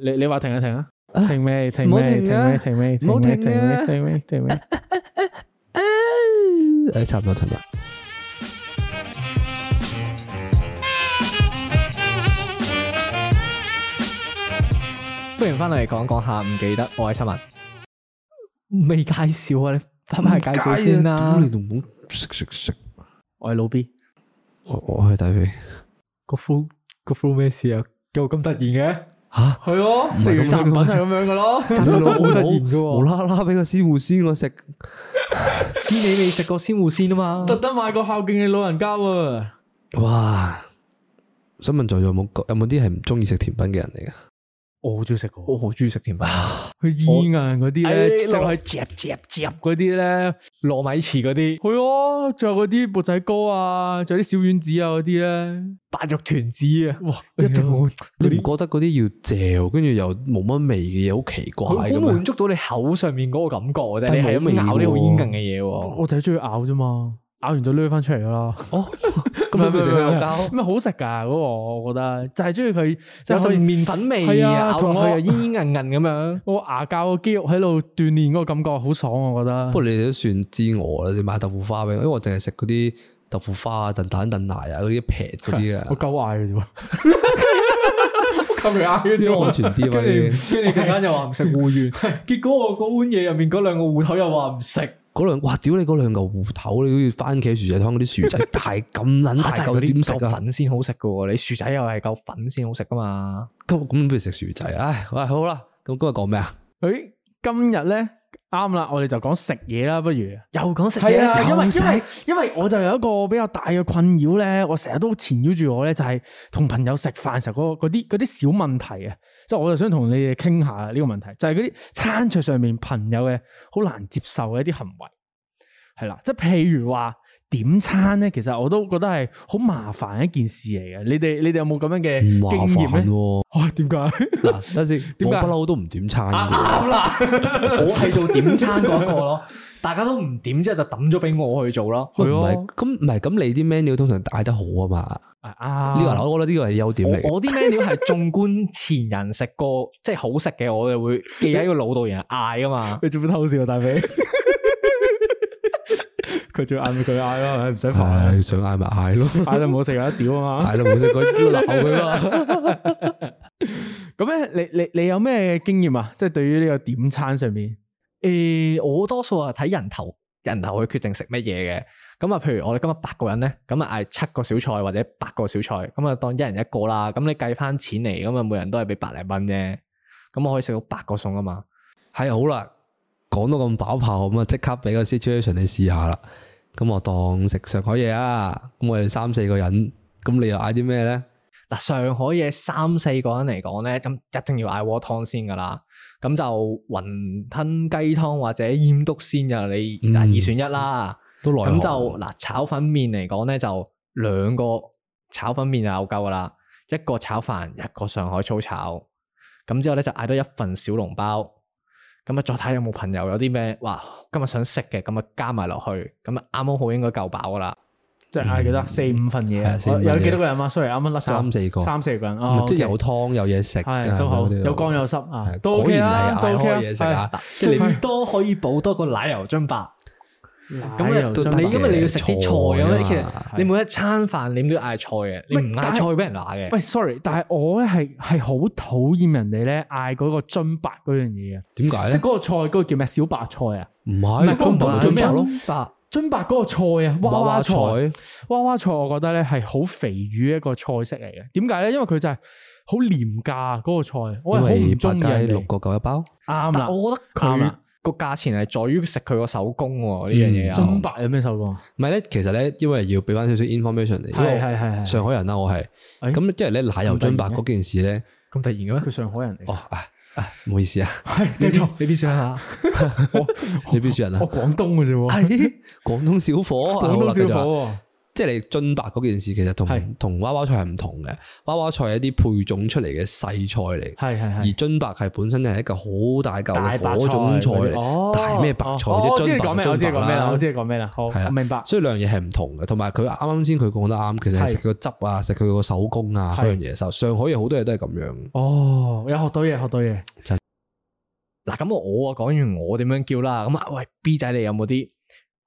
你你話停啊停啊停咩停咩停咩停咩停咩停咩停咩停咩？哎，差唔多差唔多！歡迎翻返嚟講講下，唔記得我係新聞未介紹啊？你返返去介紹先啦！點你仲唔識識識？我係老 B，我我係大 B。個夫個夫咩事啊？又咁突然嘅？吓，係咯，食完甜品係咁樣噶咯，好突然噶， 無啦啦畀個鮮芋仙我食，知 你未食過鮮芋仙啊嘛，特登買個孝敬你老人家喎。哇，想問在座有冇有冇啲係唔中意食甜品嘅人嚟噶？我好中意食，我好中意食甜品，佢煙韌嗰啲咧，食佢嚼嚼嚼嗰啲咧，糯米糍嗰啲，係啊，仲有嗰啲缽仔糕啊，仲有啲小丸子啊嗰啲咧，呢白玉團子啊，哇，一定好，哎、呀你唔覺得嗰啲要嚼，跟住又冇乜味嘅嘢，好奇怪嘅。滿足到你口上面嗰個感覺，你係咁咬呢好煙韌嘅嘢，我就係中意咬啫嘛。咬完就攞翻出嚟噶哦，咁樣平時去咬，咩好食噶嗰個？我覺得就係中意佢就啲麵粉味，係啊，同佢又煙煙韌韌咁樣，我牙膠個肌肉喺度鍛煉嗰個感覺好爽，我覺得。不過你哋都算知我啦，你買豆腐花俾我，因為我淨係食嗰啲豆腐花啊、燉蛋、燉奶啊嗰啲平嗰啲啊，我夠嗌嘅啫，咁樣嗌嘅都安全啲啊，跟住跟住更加又話唔食芋圓，結果我嗰碗嘢入面嗰兩個芋頭又話唔食。哇！屌你嗰兩嚿芋頭，你好似番茄薯仔湯嗰啲薯仔，大咁撚大嚿，點食 啊？夠粉先好食㗎，你薯仔又係夠粉先好食㗎嘛？咁不如食薯仔，唉，好啦，咁今日講咩啊？今日、欸、呢？啱啦，我哋就講食嘢啦，不如又講食嘢。係、啊、又因為因為因為我就有一個比較大嘅困擾咧，我成日都纏繞住我咧，就係、係、同朋友食飯時候嗰啲啲小問題啊，即係我就想同你哋傾下呢個問題，就係嗰啲餐桌上面朋友嘅好難接受嘅一啲行為，係啦、啊，即係譬如話。點餐咧，其實我都覺得係好麻煩一件事嚟嘅。你哋你哋有冇咁樣嘅經驗咧？點解嗱？等陣，點解我不嬲都唔點餐嘅？啱啦，我係做點餐嗰個咯。大家都唔點，之後就抌咗俾我去做咯。唔係咁，唔係咁，你啲 menu 通常帶得好啊嘛。啊，呢個我覺得呢個係優點嚟。我啲 menu 係縱觀前人食過，即係好食嘅，我就會記喺個腦度，人嗌啊嘛，你做咩偷笑，大飛？佢仲要嗌咪佢嗌咯，唔使，係想嗌咪嗌咯，嗌都唔好食啊屌啊嘛，嗌咯唔好食嗰啲叫鬧佢咯。咁咧，你你你有咩經驗啊？即係對於呢個點餐上面，誒，我多數啊睇人頭，人頭去決定食乜嘢嘅。咁啊，譬如我哋今日八個人咧，咁啊嗌七個小菜或者八個小菜，咁啊當一人一個啦。咁你計翻錢嚟，咁啊每人都係俾百零蚊啫。咁我可以食到八個餸啊嘛，係好啦。講到咁爆炮咁啊，即刻俾個 situation 你試下啦。咁我當食上海嘢啊。咁我哋三四個人，咁你又嗌啲咩咧？嗱，上海嘢三四個人嚟講咧，咁一定要嗌鍋湯先噶啦。咁就雲吞雞湯或者醃篤鮮就你嗱、嗯、二選一啦。咁就嗱炒粉麵嚟講咧，就兩個炒粉麵就夠噶啦。一個炒飯，一個上海粗炒。咁之後咧就嗌多一份小籠包。咁啊，再睇有冇朋友有啲咩，哇，今日想食嘅，咁啊加埋落去，咁啊啱好應該夠飽噶啦，嗯、即係嗌幾多四五份嘢，有幾多個人啊？sorry 啱啱甩晒三四個，三四個人，即、oh，係、okay。有湯有嘢食、啊，係、嗯、都好，有乾有濕 啊，果然係嗌開嘢食啊，即、啊、最多可以補多個奶油津白。咁你今日你要食啲菜咁咧，其實你每一餐飯你都要嗌菜嘅，你唔嗌菜會俾人打嘅。喂，sorry，但係我咧係係好討厭人哋咧嗌嗰個津白嗰樣嘢嘅。點解咧？即係嗰個菜，嗰個叫咩小白菜啊？唔係，唔係津白，津白，津白嗰個菜啊，娃娃菜，娃娃菜，我覺得咧係好肥魚一個菜式嚟嘅。點解咧？因為佢就係好廉價嗰個菜。我係好唔中意。街六個九一包，啱啦，我覺得佢個價錢係在於食佢個手工喎，呢樣嘢啊！津、嗯、白有咩手工？唔係咧，其實咧，因為要俾翻少少 information 你。係係係係。上海人啦，我係。咁、哎、因為咧奶油津白嗰件事咧，咁突然嘅、啊、咩？佢、啊、上海人嚟。哦啊啊，唔好意思啊。係、啊，冇、啊啊啊哎、錯。哎、錯你邊 shot 啊 我？ 你邊 shot 啊？我廣東嘅啫喎。係，廣東小伙。廣東小伙。即係你津白嗰件事，其實同同娃娃菜係唔同嘅。娃娃菜係一啲配種出嚟嘅細菜嚟，係係係。而津白係本身係一嚿好大嚿嘅嗰種菜嚟，但大咩白菜或者津白。我知你講咩，我知你講咩啦，我知你講咩啦，係啦，明白。所以兩樣嘢係唔同嘅。同埋佢啱啱先佢講得啱，其實係食佢個汁啊，食佢個手工啊，嗰樣嘢。食上海嘢好多嘢都係咁樣。哦，有學到嘢，學到嘢。真嗱咁，我講完我點樣叫啦。咁喂，B 仔，你有冇啲？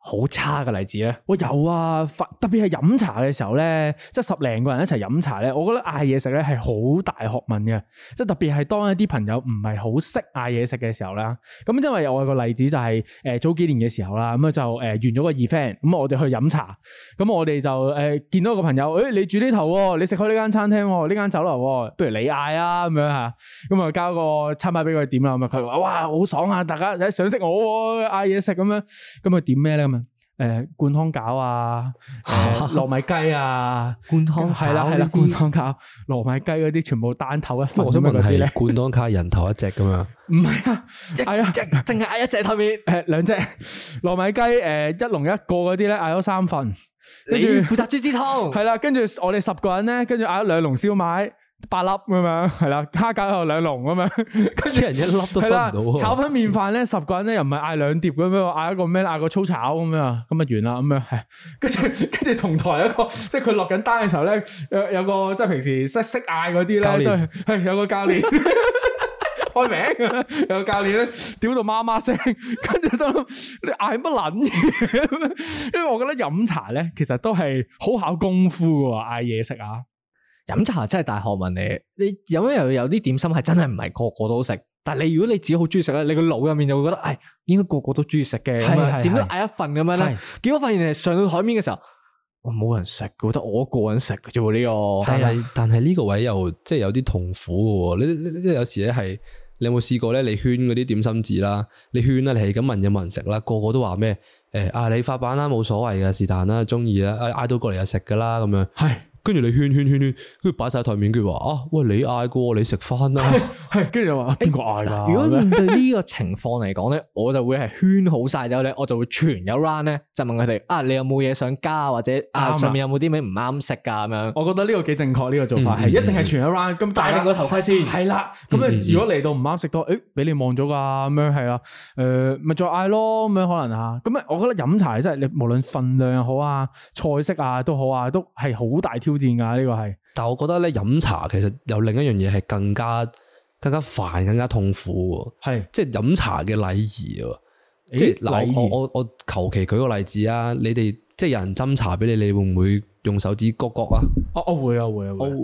好差嘅例子咧，喂有啊，發特特別係飲茶嘅時候咧，即係十零個人一齊飲茶咧，我覺得嗌嘢食咧係好大學問嘅，即係特別係當一啲朋友唔係好識嗌嘢食嘅時候啦，咁因為我有我個例子就係、是、誒、呃、早幾年嘅時候啦，咁、嗯、啊就誒、呃、完咗個 event，咁、嗯、我哋去飲茶，咁、嗯、我哋就誒、呃、見到個朋友，誒、欸、你住呢頭，你食開呢間餐廳，呢間酒樓，不如你嗌啊咁樣吓，咁、嗯、啊交個餐牌俾佢點啦，咁啊佢話哇好爽啊，大家想識我嗌嘢食咁樣，咁啊點咩咧誒，灌湯餃啊，誒，糯米雞啊，灌湯係啦係啦，灌湯餃、糯米雞嗰啲全部單頭一份，我想問係咧，灌湯餃人頭一隻咁樣，唔係啊，係啊，淨係嗌一隻頭面誒，兩隻糯米雞，誒，一籠一個嗰啲咧嗌咗三份，跟住負責煮啲湯，係啦，跟住我哋十個人咧，跟住嗌咗兩籠燒賣。八粒咁樣。係啦，蝦餃有兩籠咁樣，跟住人一粒都分唔到的。炒粉麵飯咧，十個人咧又唔係嗌兩碟咁、嗯、樣，嗌一個咩，嗌個粗炒咁樣，咁啊完啦咁樣，係，跟住跟住同台一個，即係佢落緊單嘅時候咧，有有個即係平時識識嗌嗰啲咧，係練、就是哎、有個教練 開名，有個教練咧，屌到媽媽聲，跟住就你嗌乜撚嘢， 因為我覺得飲茶咧，其實都係好考功夫嘅，嗌嘢食啊。飲茶真係大學問你。你飲咧，又有啲點心係真係唔係個個都食，但係你如果你自己好中意食咧，你個腦入面就會覺得，哎，應該個個都中意食嘅，點都嗌一份咁樣咧，吧結果發現你上到海面嘅時候，冇人食，覺得我一個人食嘅啫喎呢個。但係是、啊、但係呢個位又即係有啲痛苦嘅，你呢呢有時咧係，你有冇試過咧？你圈嗰啲點心紙啦，你圈啦、啊，你係咁問有冇人食啦，個個都話咩？誒、哎、啊，你發辦啦，冇所謂嘅是但啦，中意啦，嗌、啊、到過嚟就食噶啦咁樣。跟住你圈圈圈圈，跟住擺晒台面，佢話啊，喂你嗌過，你食翻啦。跟住又話邊個嗌㗎，欸？如果面對呢個情況嚟講咧， 我就會係圈好晒之後咧，我就會全有。round 咧，就問佢哋啊，你有冇嘢想加或者啊，啊上面有冇啲咩唔啱食噶咁樣？我覺得呢個幾正確，呢個做法係一定係全有。round。咁帶定個頭盔先。係啦。咁咧如果嚟到唔啱食多，誒俾你望咗㗎咁樣係啦。誒咪再嗌咯咁樣可能啊。咁啊，我覺得飲茶真係你無論份量又好啊，菜式啊都好啊，都係好大挑。電價呢個係，但係我覺得咧飲茶其實有另一樣嘢係更加更加煩，更加痛苦。係是，即係飲茶嘅禮儀啊！即係嗱，我我我求其舉個例子啊！你哋即係有人斟茶俾你，你會唔會用手指谷谷啊？哦哦會啊會啊，會啊會啊，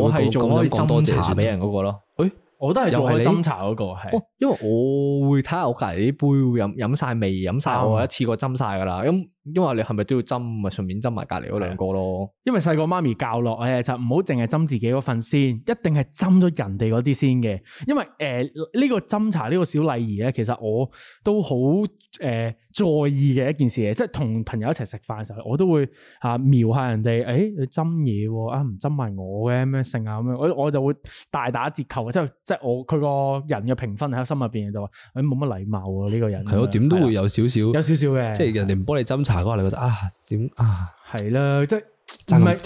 我係做開斟茶俾人嗰個咯。誒、欸，我都係做開斟茶嗰個係，因為我會睇下我隔籬啲杯會飲飲晒未，飲晒我一次過斟晒噶啦。因為你係咪都要斟咪順便斟埋隔籬嗰兩個咯？因為細個媽咪教落誒，就唔好淨係斟自己嗰份先，一定係斟咗人哋嗰啲先嘅。因為誒呢、呃這個斟茶呢、這個小禮儀咧，其實我都好誒、呃、在意嘅一件事嘅。即係同朋友一齊食飯嘅時候，我都會吓瞄下人哋，誒、哎、你斟嘢啊唔斟埋我嘅咩性啊咁樣，我我就會大打折扣。即係即係我佢個人嘅評分喺我心入邊就話，誒冇乜禮貌啊呢、這個人。係我點都會的有少少，有少少嘅，即係人哋唔幫你斟。對 對 查嗰你覺得啊點啊係啦，即係爭硬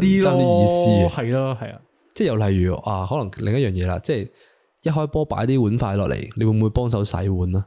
啲咯，爭啲意思係咯係啊，即係又例如啊，可能另一樣嘢啦，即係一開波擺啲碗筷落嚟，你會唔會幫手洗碗洗啊？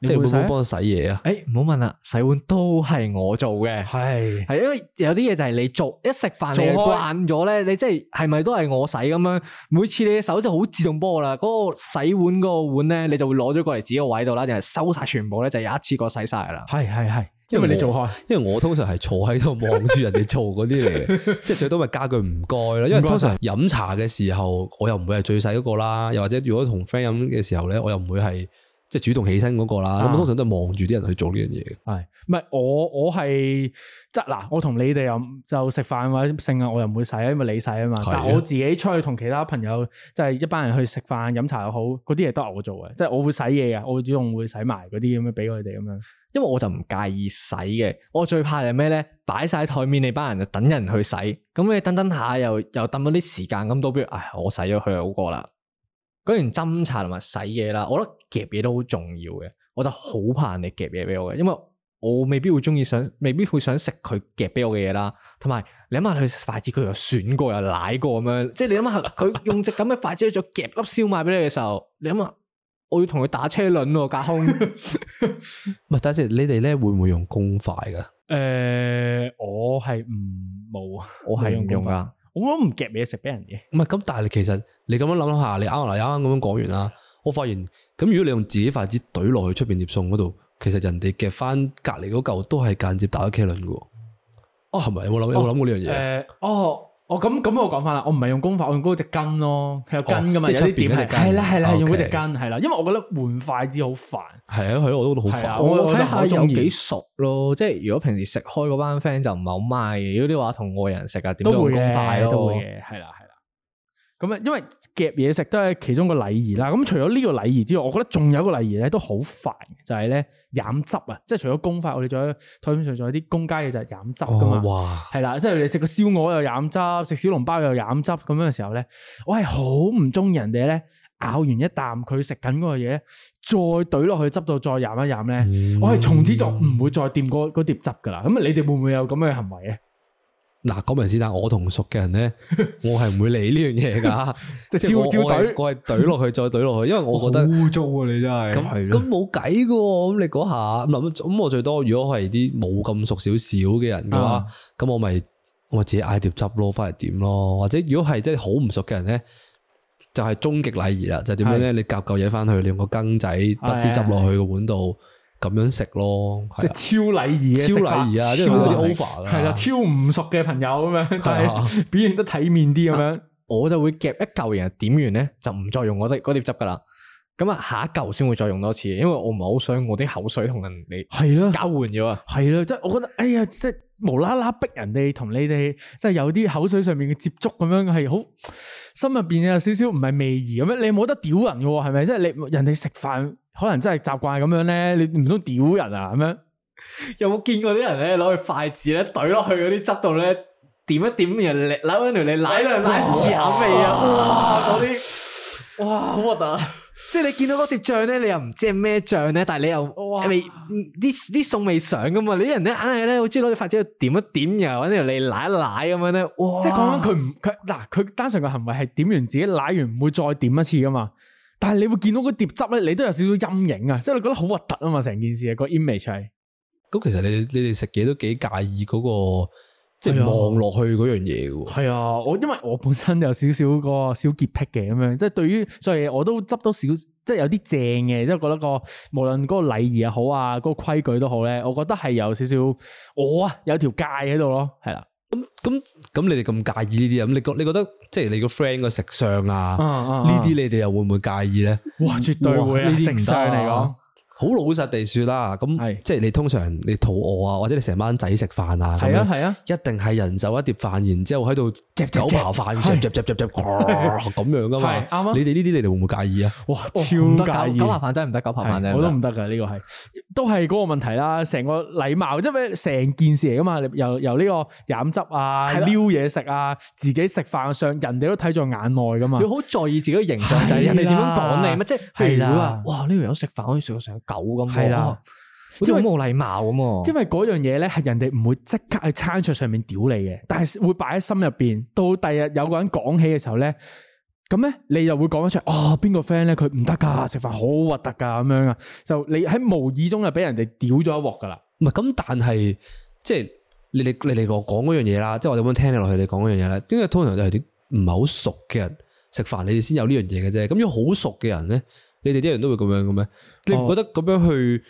即係會唔會幫手洗嘢啊？誒、欸，唔好問啦，洗碗都係我做嘅，係係的因為有啲嘢就係你做，一食飯你慣咗咧，你即係係咪都係我洗咁樣？每次你嘅手就好自動波啦，嗰、嗰個洗碗嗰個碗咧，你就會攞咗過嚟自己個位度啦，就係收晒全部咧，就有一次過洗晒啦，係係係。因為你做開，因為我通常係坐喺度望住人哋做嗰啲嚟， 即係最多咪加句唔該囉。因為通常飲茶嘅時候，我又唔會係最細嗰個啦。又或者如果同 friend 飲嘅時候咧，我又唔會係。即係主動起身嗰個啦，咁、啊、通常都係望住啲人去做呢樣嘢。係，唔係我我係即嗱，我同你哋又就食飯或者剩啊，我又唔會洗，因為你洗啊嘛。係。但我自己出去同其他朋友即係、就是、一班人去食飯飲茶又好，嗰啲嘢都係我做嘅，即、就、係、是、我會洗嘢啊，我主動會洗埋嗰啲咁樣俾佢哋咁樣。因為我就唔介意洗嘅，我最怕係咩咧？擺晒台面，你班人就等人去洗，咁你等一等下又又等咗啲時間，咁都不如唉，我洗咗佢好過啦。講完斟茶同埋洗嘢啦，我咧。夾嘢都好重要嘅，我就好怕人哋夾嘢俾我嘅，因為我未必會中意想，未必會想食佢夾俾我嘅嘢啦。同埋你諗下佢筷子佢又損過又瀨過咁樣，即係你諗下佢用隻咁嘅筷子去再夾粒燒賣俾你嘅時候，你諗下我要同佢打車輪咯架空。唔係 等陣先，你哋咧會唔會用公筷噶？誒、呃，我係唔冇，我係唔用噶，我都唔夾嘢食俾人嘅。唔係咁，但係其實你咁樣諗下，你啱啱咁樣講完啦。我發現咁，如果你用自己筷子懟落去出邊碟餸嗰度，其實人哋夾翻隔籬嗰嚿都係間接打咗茄輪嘅。哦，係咪有冇諗，有冇諗過呢樣嘢？誒，哦，我咁咁，我講翻啦，我唔係用公筷，我用嗰隻羹咯，有羹噶嘛，有啲點係係啦係啦，用嗰隻羹係啦，因為我覺得換筷子好煩。係啊，喺我都覺得好煩。我睇下有幾熟咯，即係如果平時食開嗰班 friend 就唔係好 mind 嘅。如果啲話同外人食，點都用公筷咯，都會嘅，係啦。咁啊，因為夾嘢食都係其中個禮儀啦。咁除咗呢個禮儀之外，我覺得仲有一個禮儀咧，都好煩，就係咧飲汁啊。即係除咗公筷，我哋仲有台面上仲有啲公家嘅，就係、是、飲汁噶嘛。係啦、哦，即係你食個燒鵝又飲汁，食小籠包又飲汁咁樣嘅時候咧，我係好唔中意人哋咧咬完一啖佢食緊嗰個嘢，再懟落去汁度再飲一飲咧。嗯、我係從此就唔會再掂嗰碟汁噶啦。咁啊，你哋會唔會有咁樣嘅行為啊？嗱，講明先，但我同熟嘅人咧，我係唔 會理呢樣嘢㗎， 即係招招懟，我係懟落去再懟落去，因為我覺得污糟啊！你真係咁係咯，咁冇計㗎喎，咁你嗰下，咁咁的我最多如果係啲冇咁熟少少嘅人嘅話，咁、啊、我咪我自己嗌碟汁咯，翻嚟點咯，或者如果係真係好唔熟嘅人咧，就係、是、終極禮儀啦，就點、是、樣咧？的你夾嚿嘢翻去，你用個羹仔不啲汁落去個碗度。嗯 咁樣食咯，即係超禮儀嘅食法，超禮儀，即係有啲 over 啦。係啊，超唔熟嘅朋友咁樣，但係表現得體面啲咁樣，我就會夾一嚿嘢點完咧，就唔再用我哋嗰碟汁㗎喇。咁啊，下一嚿先會再用多次，因為我唔係好想我啲口水同人哋係咯交換咗啊，係啦，即係我覺得，哎呀，即係無啦啦逼人哋同你哋，即係有啲口水上面嘅接觸咁樣，係好心入邊有少少唔係味兒咁樣，你冇得屌人嘅，係咪？即係你人哋食飯可能真係習慣咁樣咧，你唔通屌人啊咁樣？有冇見過啲人咧攞去筷子咧懟落去嗰啲汁度咧點一點人嚟，撈一條嚟舐嚟舐試下味啊？嗰啲 哇，哇，哇，好核突！即係你見到嗰碟醬咧，你又唔知係咩醬咧，但係你又哇未啲啲餸未上噶嘛？你啲人咧硬係咧好中意攞隻筷子點一點又或者你舐一舐咁樣咧，即係講緊佢唔佢嗱佢單純嘅行為係點完自己舐完唔會再點一次噶嘛？但係你會見到嗰碟汁咧，你都有少少陰影啊！即係你覺得好核突啊嘛？成件事、個 image 係咁，其實你你哋食嘢都幾介意嗰個。即望落去嗰樣嘢喎，係、嗯、啊，我因為我本身有少少個小潔癖嘅咁樣，即、就、係、是、對於，所以我都執到少，即係有啲正嘅，即、就、係、是、覺得無論個無論嗰個禮儀又好啊，嗰、那個規矩都好咧，我覺得係有少少我有條啊有條界喺度咯，係啦、嗯，咁咁咁你哋咁介意呢啲，咁你覺你覺得即係你個 friend 個食相啊，呢啲你哋又會唔會介意咧？哇，絕對會啊！你食相嚟講。好老實地講啦，咁即係你通常你肚餓啊，或者你成班仔食飯啊，係啊係啊，一定係人手一碟飯，然之後喺度夾狗扒飯，夾夾夾夾咁樣噶嘛，啱啊。你哋呢啲你哋會唔會介意啊？哇，超介意，狗扒飯真係唔得，狗扒飯我都唔得噶，呢個係都係嗰個問題啦。成個禮貌，即係咩？成件事嚟噶嘛？由由呢個飲汁啊，撩嘢食啊，自己食飯上，人哋都睇在眼內噶嘛。你好在意自己嘅形象就係，人哋點樣講你咩？即係譬如話，哇呢位友食飯可以食到成。狗咁係啦，即係好冇禮貌咁。因為嗰樣嘢咧，係人哋唔會即刻喺餐桌上面屌你嘅，但係會擺喺心入邊，到第日有個人講起嘅時候咧，咁咧你就會講得出。哦，邊個 friend 咧，佢唔得噶，食飯好核突噶，咁樣啊，你就你喺無意中啊，俾人哋屌咗一鑊噶啦。唔係咁，但係即係你哋你哋我講嗰樣嘢啦，即係我哋咁樣聽你落去你講嗰樣嘢咧？因為通常就係啲唔係好熟嘅人食飯，你哋先有樣呢樣嘢嘅啫。咁如果好熟嘅人咧？你哋啲人都會咁樣嘅咩？你唔覺得咁樣去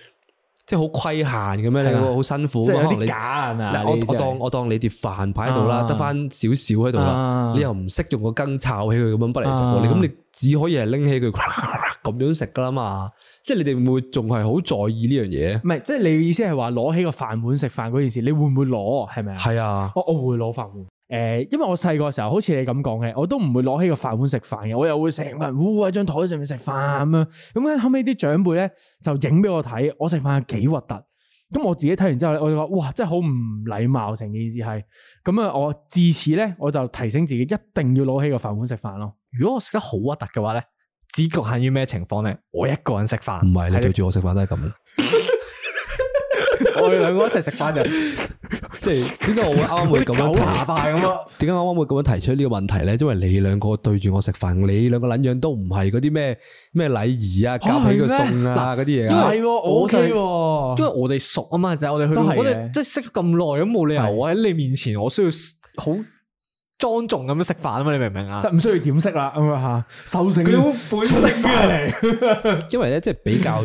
即係好規限嘅咩？你會好辛苦，即係假係咪啊？嗱、就是，我我當我當你碟飯擺喺度啦，得翻少少喺度啦，點點啊、你又唔識用個羹炒起佢咁樣嚟食，你咁、啊、你只可以係拎起佢咁、啊、樣食噶啦嘛？即係你哋唔會仲係好在意呢樣嘢？唔係，即係你嘅意思係話攞起個飯碗食飯嗰件事，你，你會唔會攞？係咪啊？係啊，我我會攞飯碗。誒，因為我細個時候好似你咁講嘅，我都唔會攞起個飯碗食飯嘅，我又會成個人烏喺張台上面食飯咁樣。咁後尾啲長輩咧就影俾我睇，我食飯係幾核突。咁我自己睇完之後咧，我就話哇，真係好唔禮貌，成件事係。咁、嗯、啊，我自此咧我就提醒自己一定要攞起個飯碗食飯咯。如果我食得好核突嘅話咧，只局限於咩情況咧？我一個人食飯，唔係是這你對住我食飯都係咁。 我哋兩個一齊食飯就，即係點解我會啱啱會咁樣？點解啱啱會咁樣提出呢個問題咧？因為你兩個對住我食飯，你兩個捻樣都唔係嗰啲咩咩禮儀啊，夾起個餸啊嗰啲嘢啊。唔係，我就因為我哋熟啊嘛，就我哋去，我哋即係識咗咁耐，咁冇理由我喺你面前，我需要好莊重咁樣食飯啊嘛？你明唔明啊？即係唔需要點識啦咁樣吓？守成佢好本性嚟。因為咧，即係比較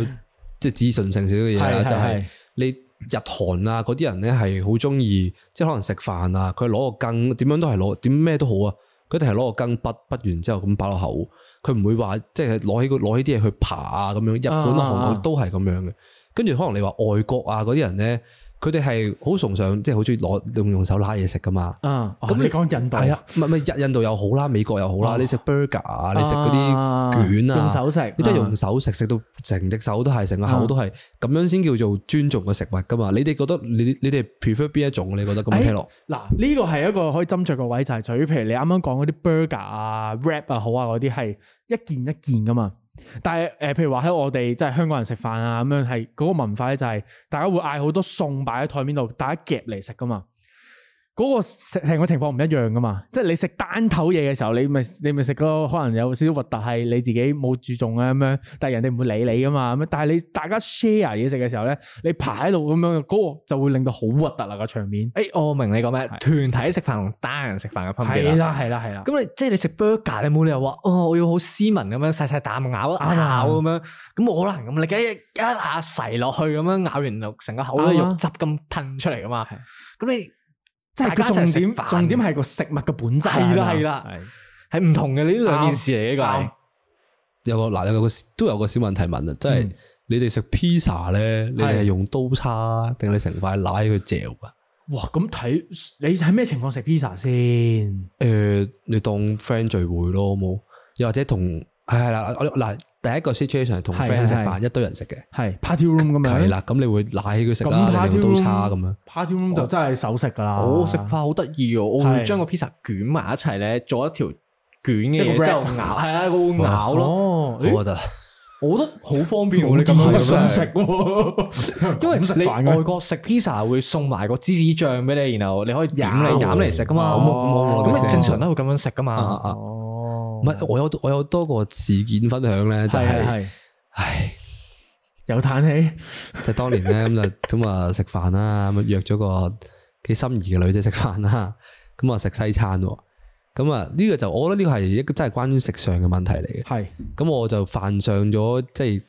即係自信性少少嘅嘢啦，就係。你日韓啊嗰啲人咧係好中意，即係可能食飯啊，佢攞個羹，點樣都係攞，點咩都好啊，佢哋係攞個羹，筆筆完之後咁擺落口，佢唔會話即係攞起攞起啲嘢去爬啊咁樣。日本啊、韓國都係咁樣嘅。啊、跟住可能你話外國啊嗰啲人咧，佢哋係好崇尚，即係好中意攞用用手拉嘢食噶嘛。啊、嗯，咁、哦、你講印度係啊，唔係唔係印印度又好啦，美國又好啦，哦、你食 burger 啊，你食嗰啲卷啊，用手食，你都係用手食，食、嗯、到成隻手都係，成個口都係，咁樣先叫做尊重個食物噶嘛。嗯、你哋覺得你你哋 prefer 邊一種？你覺得咁聽落嗱，呢、哎呢個係一個可以斟酌個位，就係除咗譬如你啱啱講嗰啲 burger 啊、rap 啊好啊嗰啲，係一件一件噶嘛。但係誒、呃，譬如話喺我哋即係香港人食飯啊，咁樣係嗰、嗰個文化咧，就係大家會嗌好多餸擺喺台面度，大家夾嚟食噶嘛。嗰個食成個情況唔一樣噶嘛，即係你食單頭嘢嘅時候，你咪你咪食個可能有少少核突係你自己冇注重啊咁樣，但係人哋唔會理你噶嘛。但係你大家 share 嘢食嘅時候咧，你排喺度咁樣，嗰個就會令到好核突啦個場面。誒，我明你講咩？的團體食飯同單人食飯嘅分別啦。係啦，係啦，咁你即係你食 burger，你冇理由話哦，我要好斯文咁樣細細啖咬一咬咁、嗯、樣，咁我可能咁。你一一，一，一，一下噬落去咁樣咬完就成個口都、啊、肉汁咁噴出嚟噶嘛。咁你。即係重點，重點係個食物嘅本質。係啦係啦，係唔同嘅呢兩件事嚟嘅、oh, oh.。有個嗱，有個都有個小問題問啊，即係、嗯、你哋食披薩咧，你哋係用刀叉定係你成塊拉佢嚼噶？哇，咁睇你喺咩情況食披薩先？誒，你當 friend 聚會咯，冇好好，又或者同係係啦，嗱、啊。啊啊啊第一個 situation 係同 friend 食飯，一堆人食嘅，係 party room 咁樣，係啦，咁你會攞起佢食啦，定用刀叉咁樣？party room 就真係手食噶啦，食法好得意哦，我會將個 pizza 捲埋一齊咧，做一條捲嘅嘢，之後咬，係啊，會咬咯。我覺得，我覺得好方便喎，你咁樣食，因為你外國食 pizza 會送埋個芝士醬俾你，然後你可以點嚟咬嚟食噶嘛，咁咁正常都會咁樣食噶嘛。唔係，我有我有多個事件分享咧，就係、是，係是，唉，又嘆氣。即係當年咧，咁 就咁啊食飯啦，咁啊約咗個幾心儀嘅女仔食飯啦，咁啊食西餐。咁啊呢個就，我覺得呢個係是、就是、一個真係關於食相嘅問題嚟嘅。係、呃，咁我就犯上咗即係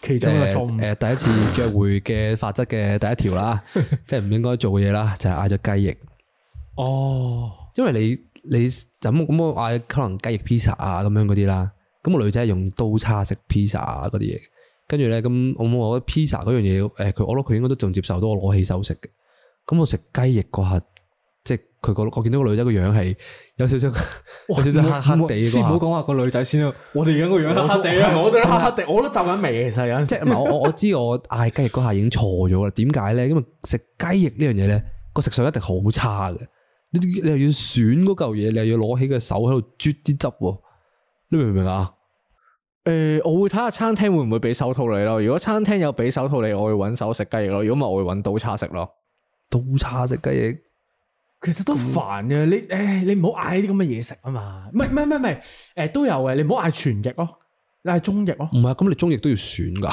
其中一個錯誤。誒，第一次約會嘅法則嘅第一條啦，即係唔應該做嘅嘢啦，就係嗌咗雞翼。哦，因為你你。咁咁，我嗌可能雞翼 pizza 啊咁樣嗰啲啦。咁個女仔係用刀叉食 pizza 啊嗰啲嘢。跟住咧咁，我我覺得 pizza 嗰樣嘢，誒佢我覺得佢應該都仲接受到我攞起手食嘅。咁我食雞翼嗰下，即係佢、嗰個我見到個女仔個樣係有少少哇有少少黑黑地。先唔好講話個女仔先啦。我哋而家個樣黑地啊，我哋黑黑地，我，我，我都浸緊味其實有陣時。即係唔係我我我知我嗌雞翼嗰下已經錯咗啦。點解咧？因為食雞翼呢樣嘢咧，個食相一定好差嘅。你又要選嗰嚿嘢，你又要攞起個手喺度啜啲汁喎，你明唔明啊？誒、欸，我會睇下餐廳會唔會俾手套你咯。如果餐廳有俾手套你，我會搵手食雞翼咯。如果唔係，我會搵刀叉食咯。刀叉食雞翼，其實都煩嘅那。你誒、呃，你唔好嗌啲咁嘅嘢食啊嘛。唔係唔係唔係唔係，誒都有嘅。你唔好嗌全翼咯。你係中翼咯，唔係啊？咁你中翼都要選噶、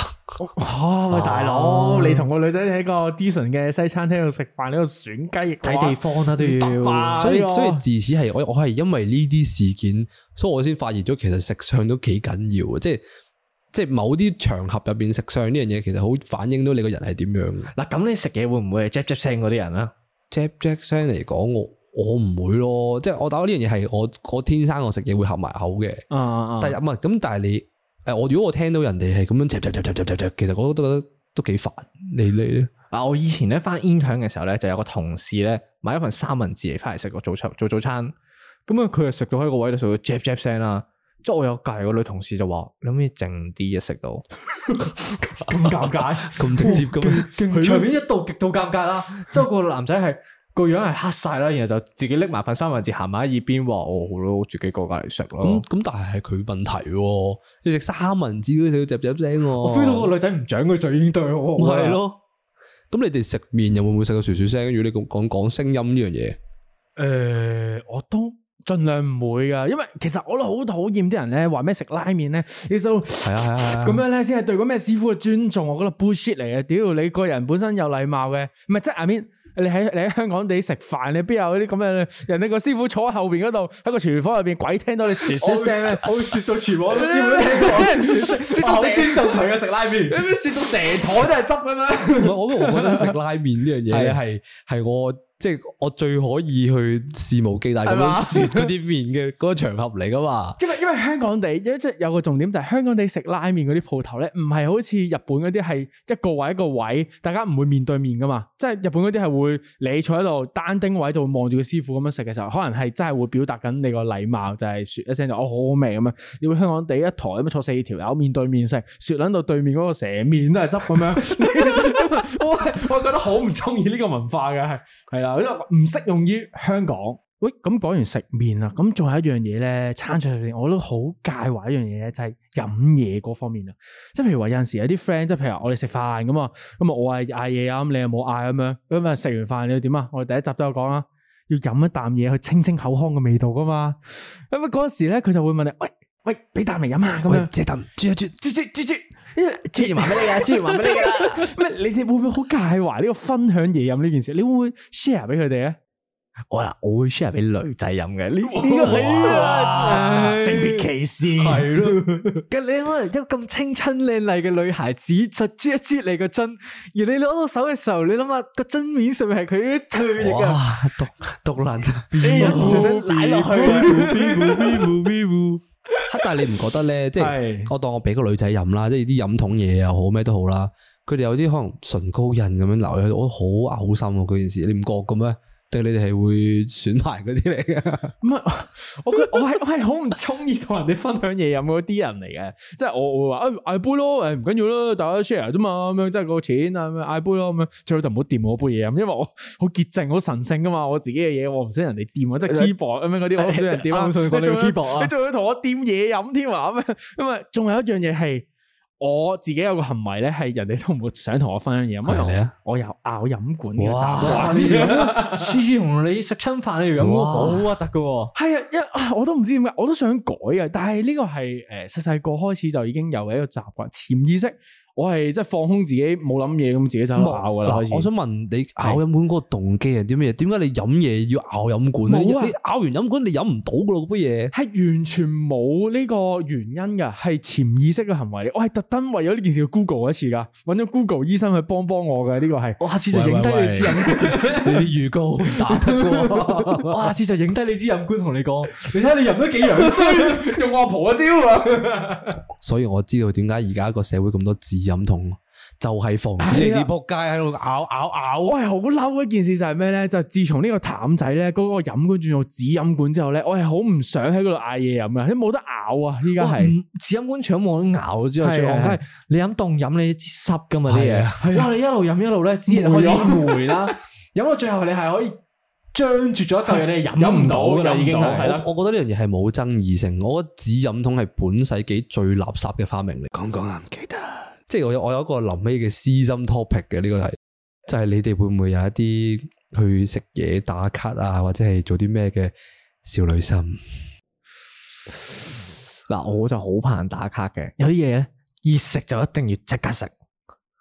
哦？喂大佬，啊、你同個女仔喺個 decent 嘅西餐廳度食飯，喺度選雞翼，睇地方啦、啊、哇都要。所以所以，所以自此係我我係因為呢啲事件，所以我先發現咗其實食相都幾緊要啊！即係即係某啲場合入邊食相呢樣嘢，其實好反映到你個人係點樣。嗱，咁你食嘢會唔會嚼嚼聲嗰啲人啊？嚼嚼聲嚟講，我我唔會咯。即係我打呢樣嘢係我我天生我食嘢會合埋口嘅、嗯嗯。但係唔係咁，但係你。誒，我如果我聽到人哋係咁樣嚼嚼嚼嚼嚼嚼，其實我都覺得都幾煩你你咧。啊，我以前咧翻 intern 嘅時候咧，就有個同事咧買一份三文治嚟翻嚟食個早餐做早，早，早餐，咁啊佢又食到喺個位度食到嚼嚼聲啦。即係我有隔籬個女同事就話：你可唔可以靜啲嘢食到？咁 尷尬，咁 直接咁，佢場面一度極度尷尬啦、啊。之後 個男仔係。個樣係黑晒啦，然後就自己拎埋份三文治行埋喺耳邊話：我好咯，自己過嚟嚟食咯。咁咁，但係係佢問題、啊，你食三文治都要喳喳聲、啊。我 feel 到個女仔唔長個嘴已經對我。係咯，咁你哋食麵又會唔會食到薯薯聲？如果你講講講聲音呢樣嘢，誒、呃，我都盡量唔會㗎。因為其實我都好討厭啲人咧，話咩食拉麵咧，你都係啊，咁、啊、樣咧先係對個咩師傅嘅尊重。我覺得 bullshit 嚟嘅，屌你個人本身有禮貌嘅，唔係即係麵。I mean, .你喺你喺香港地食飯，你邊有嗰啲咁樣人哋個師傅坐喺後邊嗰度喺個廚房入邊，鬼聽到你啜出聲咧？我啜到廚房個師傅咧， 我尊重佢啊！食拉麵， 你唔係啜到成枱都係汁噶咩？ 我都我覺得食拉麵呢樣嘢係係我。即係我最可以去肆無忌憚咁樣雪嗰啲麵嘅嗰個場合嚟噶嘛？因為因為香港地，因為即係有個重點就係香港地食拉麵嗰啲鋪頭咧，唔係好似日本嗰啲係一個位一個位，大家唔會面對面噶嘛。即係日本嗰啲係會你坐喺度單丁位就會望住個師傅咁樣食嘅時候，可能係真係會表達緊你個禮貌，就係、是、雪一聲就哦好好味咁啊。你話香港地一台咁樣坐四條友面對面食，雪捻到對面嗰個成面都係汁咁樣，我 我覺得好唔中意呢個文化嘅係係啦。唔適用於香港。喂，咁 講完食麵啦，咁仲有一樣嘢咧，餐桌上面我都好介懷一樣嘢，就係飲嘢嗰方面啦。即係譬如話有陣時有啲 friend，即係譬如我哋食飯咁啊，咁啊我嗌嘢啊，咁你又冇嗌咁樣，咁啊食完飯你要點啊？我哋第一集都有講啦，要飲一啖嘢去清清口腔嘅味道噶嘛。咁啊嗰陣時咧，佢就會問你，喂。喂，俾大明飲下，咁樣，借啖啜啊啜啜啜啜啜，啜完還俾你噶，啜完還俾你噶。咩？你哋會唔會好介懷呢個分享嘢飲呢件事？你會唔會 share 俾佢哋咧？我啦，我會 share 俾女仔飲嘅。呢性別歧視係咯。咁你可能一個咁青春靚麗嘅女孩子，就啜一啜你個樽，而你攞到手嘅時候，你諗下個樽面上面係佢啲腿嘅。哇！獨獨輪。哎呀，直接舐落去 但係你唔覺得呢？即係是我當我畀個女仔飲啦，即係啲飲筒嘢又好咩都好啦，佢哋有啲可能唇膏印咁樣留喺度，我都好嘔心喎、啊！嗰件事你唔覺嘅咩？對，你哋係會選牌嗰啲嚟嘅。唔 係， 我我係我係好唔中意同人哋分享嘢飲嗰啲人嚟嘅。即係我我會話，哎，嗌杯咯，誒、哎，唔緊要啦，大家 share 啫嘛，咁樣，即係個錢啊，嗌杯咯，咁樣，最好就唔好掂我杯嘢飲，因為我好潔淨，好神聖噶嘛，我自己嘅嘢，我唔想人哋掂，即係 keyboard 咁樣嗰啲，我唔想人掂。我哋 keyboard 啊，你仲要同我掂嘢飲添啊？咁樣咁啊，仲有一樣嘢係。我自己有個行為咧，係人哋都冇想同我分享嘢，乜同啊？我有咬飲管嘅習慣，次次同你食餐飯，你飲我好核突噶喎。係啊，一我都唔知點解，我都想改啊。但係呢個係誒，細細個開始就已經有嘅一個習慣，潛意識。我係即係放空自己，冇諗嘢咁自己就咬噶啦。我想問你咬飲管嗰個動機係啲咩嘢？點解你飲嘢要咬飲管咧？因為你咬完飲管你飲唔到噶咯杯嘢，係完全冇呢個原因噶，係潛意識嘅行為。我係特登為咗呢件事去 Google 一次噶，揾咗 Google 醫生去幫幫我噶。呢、這個係我下次就影低喂你支飲，你啲預告打不我下次就影低你支飲管同你講。你睇你飲得幾樣衰， 用我阿婆嘅招啊！所以我知道點解而家個社會咁多字。飲筒就係防止你啲撲街喺度咬咬咬。我係好嬲一件事就係咩咧？就自從呢個淡仔咧，嗰個飲管轉做紙飲管之後咧，我係好唔想喺嗰度嗌嘢飲啊！你冇得咬啊！依家係紙飲管冇得咬之後，最後你飲凍飲你濕噶嘛啲嘢，因為你一路飲一路咧，紙就開始霉啦。飲到最後你係可以將住咗一嚿嘢，你係飲唔到噶啦，已經係啦。我覺得呢樣嘢係冇爭議性，我覺得紙飲筒係本世紀最垃圾嘅發明嚟。講講啱即係我有我有一個臨屘嘅私心 topic 嘅呢、呢個係，就係你哋會唔會有一啲去食嘢打卡啊，或者係做啲咩嘅少女心？嗱，我就好怕人打卡嘅，有啲嘢咧，熱食就一定要即刻食。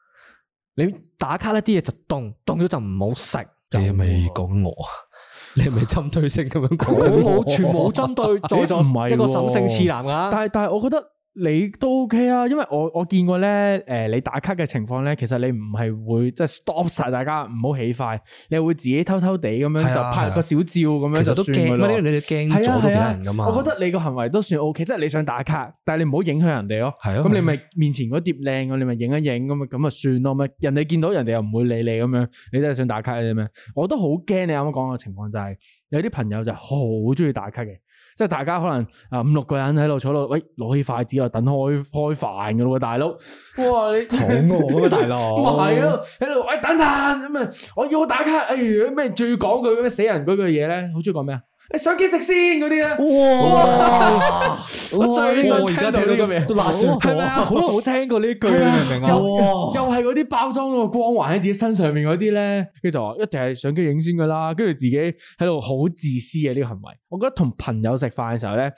你打卡一啲嘢就凍，凍咗就唔好食。你係咪講我？ 你係咪針對性咁樣講我？我冇、 嗯，我冇針對在座一個審性似男噶。但係但係，我覺得。你都 OK 啊，因為我我見過咧，誒，你打卡嘅情況咧，其實你唔係會即係 stop 晒大家唔好起筷，你會自己偷偷地咁樣就拍個小照咁樣就都驚，你你驚阻到人㗎嘛？我覺得你個行為都算 OK，即係你想打卡，但係你唔好影響人哋咯。係咯，咁你咪面前嗰碟靚，你咪影一影咁啊，咁啊算咯，咩？人哋見到人哋又唔會理你咁樣，你真係想打卡啫咩？我都好驚你啱啱講嘅情況就係有啲朋友就好中意打卡嘅。即係大家可能啊五六個人喺度坐喺度，喂，攞起筷子啊，等開開飯噶咯，大佬，哇，你戇噶喎，大佬，咪係咯，喺度，喂，等等咁啊，我要我打卡，哎，咩最講句咩死人嗰句嘢咧，好中意講咩啊？你相機食先嗰啲咧，哇！我真係而家聽到呢樣，好耐冇聽過呢句，明唔明啊？明又哇！又係嗰啲包裝個光環喺自己身上面嗰啲咧，跟住就話一定係相機影先噶啦，跟住自己喺度好自私嘅呢個行為，我覺得同朋友食飯嘅時候咧，呢、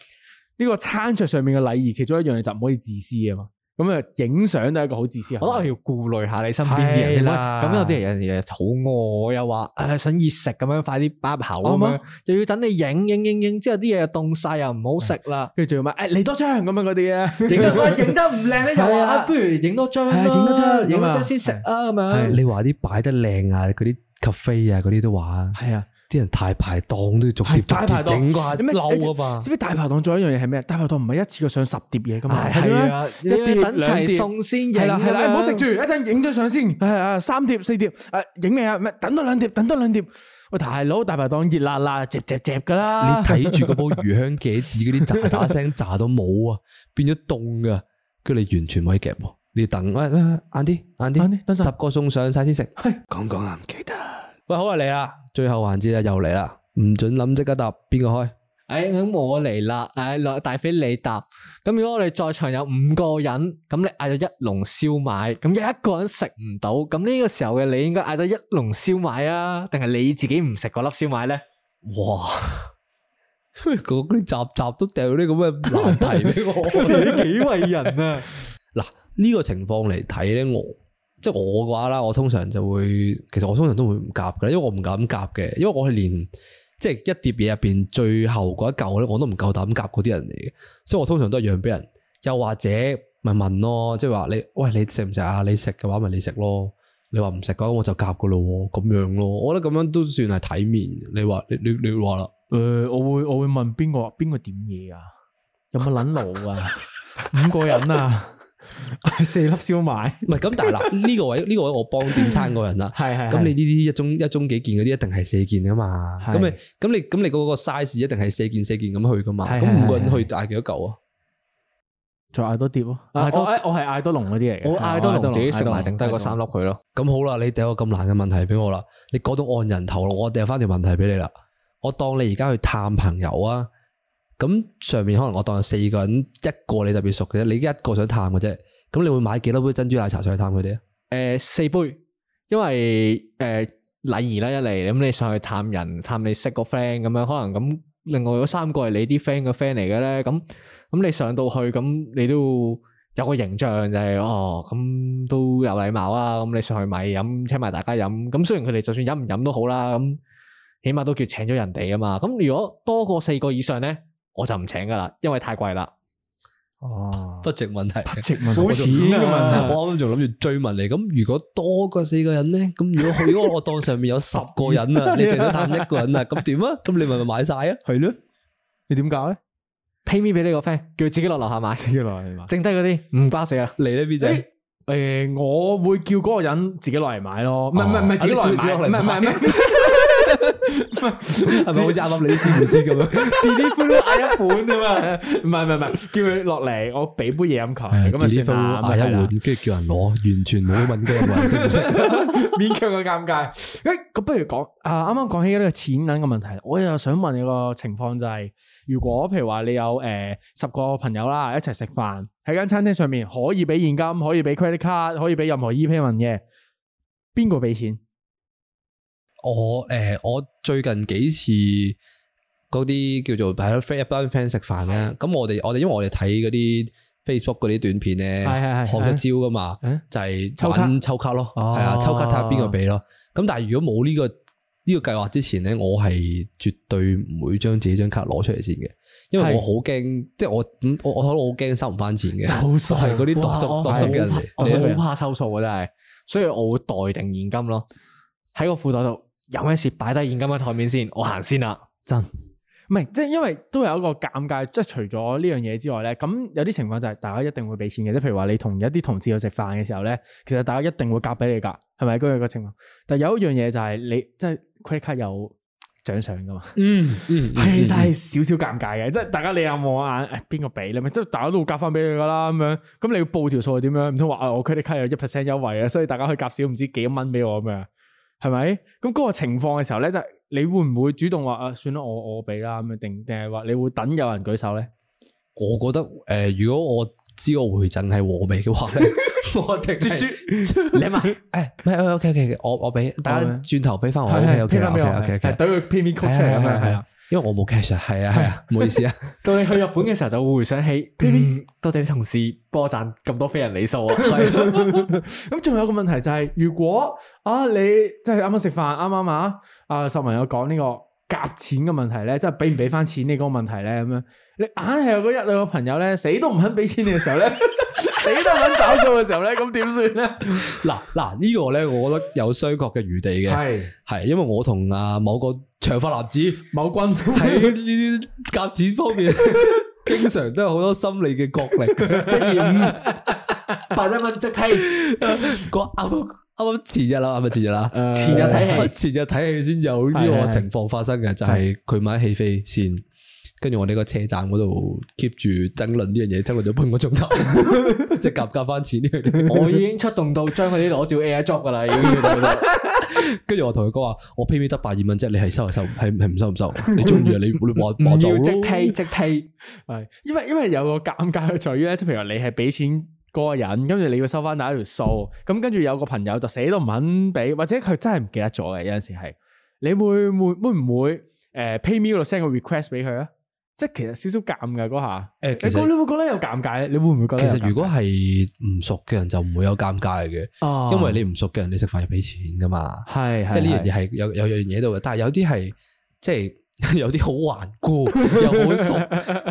呢個餐桌上面嘅禮儀其中一樣嘢就唔可以自私啊嘛。咁啊，影相都係一個好自私，可能得要顧慮下你身邊啲人。係啦，咁有啲人有時又肚餓又話，誒想熱食咁樣，快啲擺入口咁啊！就要等你影影影影，之後啲嘢又凍曬又唔好食啦，跟住仲要咪誒嚟多張咁樣嗰啲咧，影得唔靚咧又話，不如影多張啦，影多張影多張先食啊咁樣。你話啲擺得靚啊，嗰啲 cafe 啊嗰啲都話啊。係啊。啲人大排檔都要逐碟大排檔點解漏㗎嘛？知唔知大排檔做一樣嘢係咩？大排檔唔係一次過上十碟嘢噶嘛？係啊，一碟等兩碟餸先，係啦係啦，唔好食住，一陣影咗上先。係啊，三碟四碟，誒，影咩啊？咪等多兩碟，等多兩碟。喂，大佬，大排檔熱辣辣，夾夾夾噶啦！你睇住嗰煲魚香茄子嗰啲炸炸聲，炸到冇啊，變咗凍啊，跟住你完全可以夾喎。你要等啊，晏啲晏啲，等十個送上晒先食。係講講啊，唔記得。喂，好啊，你啊。最後環節啊，又嚟啦！唔准諗，即刻答，邊個開？哎，咁我嚟啦！哎，大飛你答。咁如果我哋在場有五個人，咁你嗌咗一籠燒賣，咁一個人食唔到，咁呢個時候嘅你應該嗌咗一籠燒賣啊，定係你自己唔食嗰粒燒賣咧？哇！咁你集集都掉呢個咩？難題畀我， 捨己為人啊， 啊！嗱，呢個情況嚟睇咧，我。即係我嘅話啦，我通常就會，其實我通常都會唔夾噶，因為我唔敢夾嘅，因為我係連即係一碟嘢入邊最後嗰一嚿咧，我都唔夠膽夾嗰啲人嚟嘅，所以我通常都係讓畀人，又或者咪問咯，即係話你，喂你食唔食啊？你食嘅話咪你食咯，你話唔食嘅話我就夾噶咯，咁樣咯，我覺得咁樣都算係體面。你話你你你話啦，誒、呃，我會我會問邊個邊個點嘢啊？有冇捻勞啊？ 五個人啊？ 四粒燒賣，唔係咁，但係嗱，呢個位，呢個位我幫點餐嗰人啦，係係。咁你呢啲一盅一盅幾件嗰啲，一定係四件噶嘛？咁你咁你咁你個 size 一定係四件四件咁去噶嘛？咁五個人去嗌幾多嚿啊？就嗌多碟咯，我嗌我係嗌多籠嗰啲嚟，我嗌多籠自己食埋剩低嗰三粒佢咯。咁好啦，你掟個咁難嘅問題俾我啦，你講到按人頭，我掟翻條問題俾你啦。我當你而家去探朋友啊。咁上面可能我當有四個，人一個你特別熟嘅啫，你一個想探嘅啫，咁你會買幾多杯珍珠奶茶上去探佢哋啊？誒、呃，四杯，因為誒禮儀啦一嚟，咁你上去探人，探你識個 friend 咁樣，可能咁另外嗰三個係你啲 friend 嘅 friend 嚟嘅咧，咁咁你上到去咁你都有個形象，就係、是、哦，咁都有禮貌啊，咁你上去買飲，請埋大家飲，咁雖然佢哋就算飲唔飲都好啦，咁起碼都叫請咗人哋啊嘛，咁如果多過四個以上咧。我就唔請噶啦，因為太貴啦。哦，budget 問題，budget 問題，錢嘅問題。我啱啱仲諗住追問你，咁如果多過四個人咧，咁如果去我我檔上面有十個人啊，你淨得嘆一個人啊，咁點啊？咁你咪咪買晒啊？係咯，你點搞咧？PayMe 俾你個 friend，叫佢自己落樓下買，自己落樓下買。剩低嗰啲唔瓜死啦，嚟喺邊就誒，我會叫嗰個人自己落嚟買咯，唔係唔係唔係自己落嚟買，買買買。係咪 好似家諗你知唔知咁咯？D D f u 嗌一本啫嘛，唔係唔係唔係，叫佢落嚟，我俾杯嘢飲佢，咁啊先，D f 嗌一碗，跟住叫人攞，完全冇問 過，識唔識？勉強嘅尷尬。誒，咁不如講啊，啱啱講起呢個錢銀嘅問題，我又想問你個情況就係、是，如果譬如話你有誒十、呃、個朋友啦，一齊食飯喺間餐廳上面，可以俾現金，可以俾 credit card，可以俾任何 e payment 嘅，邊個俾錢？我誒、欸，我最近幾次嗰啲叫做係咯，friend，一班 friend 食飯咧，咁我哋我哋因為我哋睇嗰啲 Facebook 嗰啲短片咧，學咗一招噶嘛，就係抽卡抽卡咯，係啊，抽卡睇下邊個俾咯。咁但係如果冇呢個呢個計劃之前咧，我係絕對唔會將自己張卡攞出嚟先嘅，因為我好驚，即係我我我好驚收唔翻錢嘅，就係嗰啲剁手剁手，好怕收數啊真係，所以我會帶定現金咯，喺個褲袋度。有咩事擺低現金喺台面先，我行先啦。真的，唔係即係因為都有一個尷尬，即、就、係、是、除咗呢樣嘢之外咧，咁有啲情況就係大家一定會俾錢嘅，即係譬如話你同一啲同事去食飯嘅時候咧，其實大家一定會夾俾你噶，係咪？嗰個情況，但係有一樣嘢就係你即係、就是、credit card 有獎賞噶嘛，嗯嗯，係、嗯嗯、 但係少少尷尬嘅，即、就、係、是、大家你又望眼，誒邊個俾咧？即係、就是、大家都會夾翻俾你噶啦，咁樣，咁你要報條數點樣？唔通話啊我 credit card 有一 percent 優惠啊，所以大家可以夾少唔知幾蚊俾我咁樣？係咪？咁嗰個情況嘅時候咧，就你會唔會主動話啊？算啦，我我俾啦，咁定定係話你會等有人舉手咧？我覺得誒，如果我知我回贈係和味嘅話，我停住你嘛？誒，唔係，OK OK OK，我我俾，等轉頭俾翻我，OK OK OK 等佢 P M contact 係啊。因為我冇 cash 啊，係啊係啊，唔好意思啊。到你去日本嘅時候，就會回想起， 嗯、多謝啲同事幫 我賺咁多非人理數 啊。咁仲 有一個問題就係、是，如果啊你即係啱啱食飯，啱啱啊，啊秀文有講呢、這個夾錢嘅問題咧，即係俾唔俾翻錢你個問題咧，咁樣你硬係有嗰一兩個朋友咧，死都唔肯俾錢你嘅時候咧。 你得揾找數嘅時候咧，咁點算咧？嗱嗱，呢個咧，我覺得有商榷嘅餘地嘅。係係是，因為我同啊，某個長髮男子某君喺呢啲夾剪方面， 經常都有好多心理嘅角力。即係言，八 一蚊即係，嗰啱啱前日啦，係咪？前日啦，呃、前日睇戲，啱啱前日睇戲先有呢個情況發生嘅，的就係佢買戲飛先。跟住我哋個車站嗰度 keep 住爭論呢樣嘢，爭論咗半個鐘頭，即係夾夾翻錢。 我已經出動到將佢啲攞照 Airdrop 噶啦，已經 跟住我同佢講話，我 pay me 得百二蚊，即係你係收唔收？係係唔收唔收？ 你中意啊？你我做 要即 pay 即 pay 係因為因為有個尷尬嘅在於咧，即係譬如話你係俾錢嗰個人，跟住你要收翻第一條數，咁跟住有個朋友就死都唔肯俾，或者佢真係唔記得咗嘅，有陣時係你會會、呃、你會唔會誒 pay me 嗰度 send 個 request 俾佢啊？即係其實少少尷尬嗰下，誒、欸，其實你會唔會覺得有尷尬，你會唔會覺得？其實如果係唔熟嘅人就唔會有尷尬嘅，啊、因為你唔熟嘅人你食飯要俾錢噶嘛，係、啊，即係呢樣嘢係有有樣嘢喺度嘅，但係有啲係即係有啲好頑固又好熟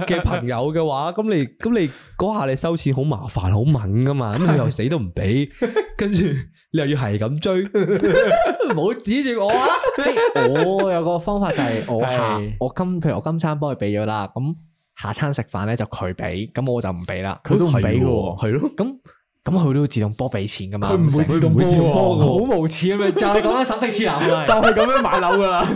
嘅朋友嘅話，咁 你咁你嗰下你收錢好麻煩好猛噶嘛，咁佢 又死都唔俾。 跟住你又要係咁追，唔 好 指住我啊！ 欸、我有個方法就係我下是我今譬如我今餐幫佢俾咗啦，咁下餐食飯咧就佢俾，咁我就唔俾啦。佢都唔俾嘅，係咯？咁。咁佢都會自動波俾錢噶嘛？佢唔會自動波，好無恥啊！咪就係講緊沈石斛啊， 就係咁樣買樓噶啦。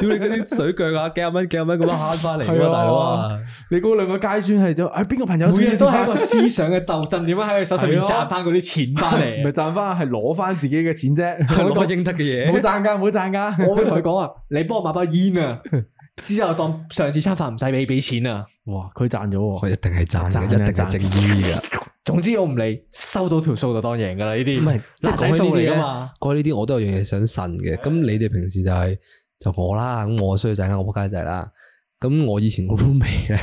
屌 你嗰啲水腳啊，幾廿蚊，幾廿蚊咁樣慳翻嚟，係 啊，大佬啊！你嗰兩個階磚係咗，邊、哎、個朋友？每日都係一個思想嘅鬥爭，點樣喺佢手上面賺翻嗰啲錢翻嚟？唔係賺翻，係攞翻自己嘅錢啫，好多應得嘅嘢。冇賺噶，冇賺噶，我會同佢講啊，你幫我買包煙啊，之後當上次餐飯唔使你俾錢啊。哇，佢賺咗，佢一定係賺嘅，一定係正義噶總之我唔理，收到條數就當贏噶啦，呢啲。唔係是，即係講數嚟噶嘛。講呢啲我都有樣嘢想呻嘅。咁、嗯、你哋平時就係、是、就我啦，咁我衰仔啦，我仆街仔啦。咁我以前呢、 哎、我都未咧。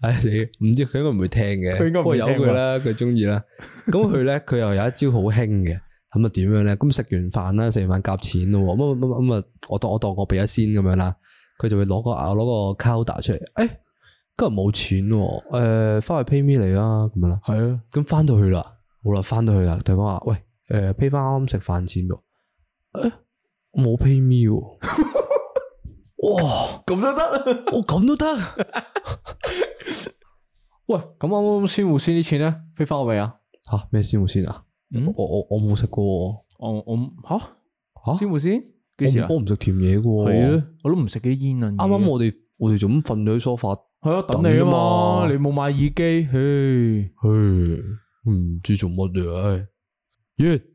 唉，你唔知佢應該唔會聽嘅，佢應該會有佢啦，佢中意啦。咁佢咧，佢 又有一招好輕嘅。咁啊，點樣咧？咁食完飯啦，食完飯夾錢咯。咁啊咁咁啊，我當我當我俾咗先咁樣啦。佢就會攞個攞個卡打出嚟。誒、欸。今日冇錢誒、哦、翻、呃、去 pay me 嚟啦，咁樣啦，係是啊，啊，咁翻到去啦，好啦，翻到去啦，就講話喂，誒，pay 翻啱啱食飯錢喎，冇 pay me 喎，哇，咁都得，我咁都得，喂，咁啱啱先護先啲錢咧，飛翻去未啊？吓咩先護先啊？嗯、啊，我我我冇食過，我我吓吓先護先幾時啊？我唔食甜嘢嘅，係啊，我都唔食啲煙啊，啱啱我哋我哋仲咁瞓咗喺梳化。係啊，等你啊嘛，你冇買耳機，嘿，嘿，唔知做乜嘢，唉。